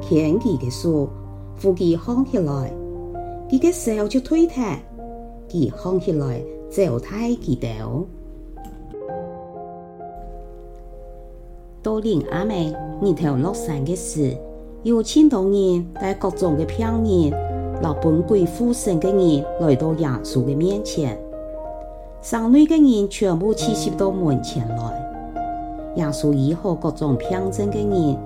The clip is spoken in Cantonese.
牽佢嘅手，扶佢行起來，這個時候就推脫，佢放起來有太記得哦，到臨暗暝，日頭落山嘅時，有千多人帶各種嘅病人老本鬼附身嘅人來到耶穌嘅面前，山裏嘅人全部聚集到門前來，耶穌醫好各種病症嘅人。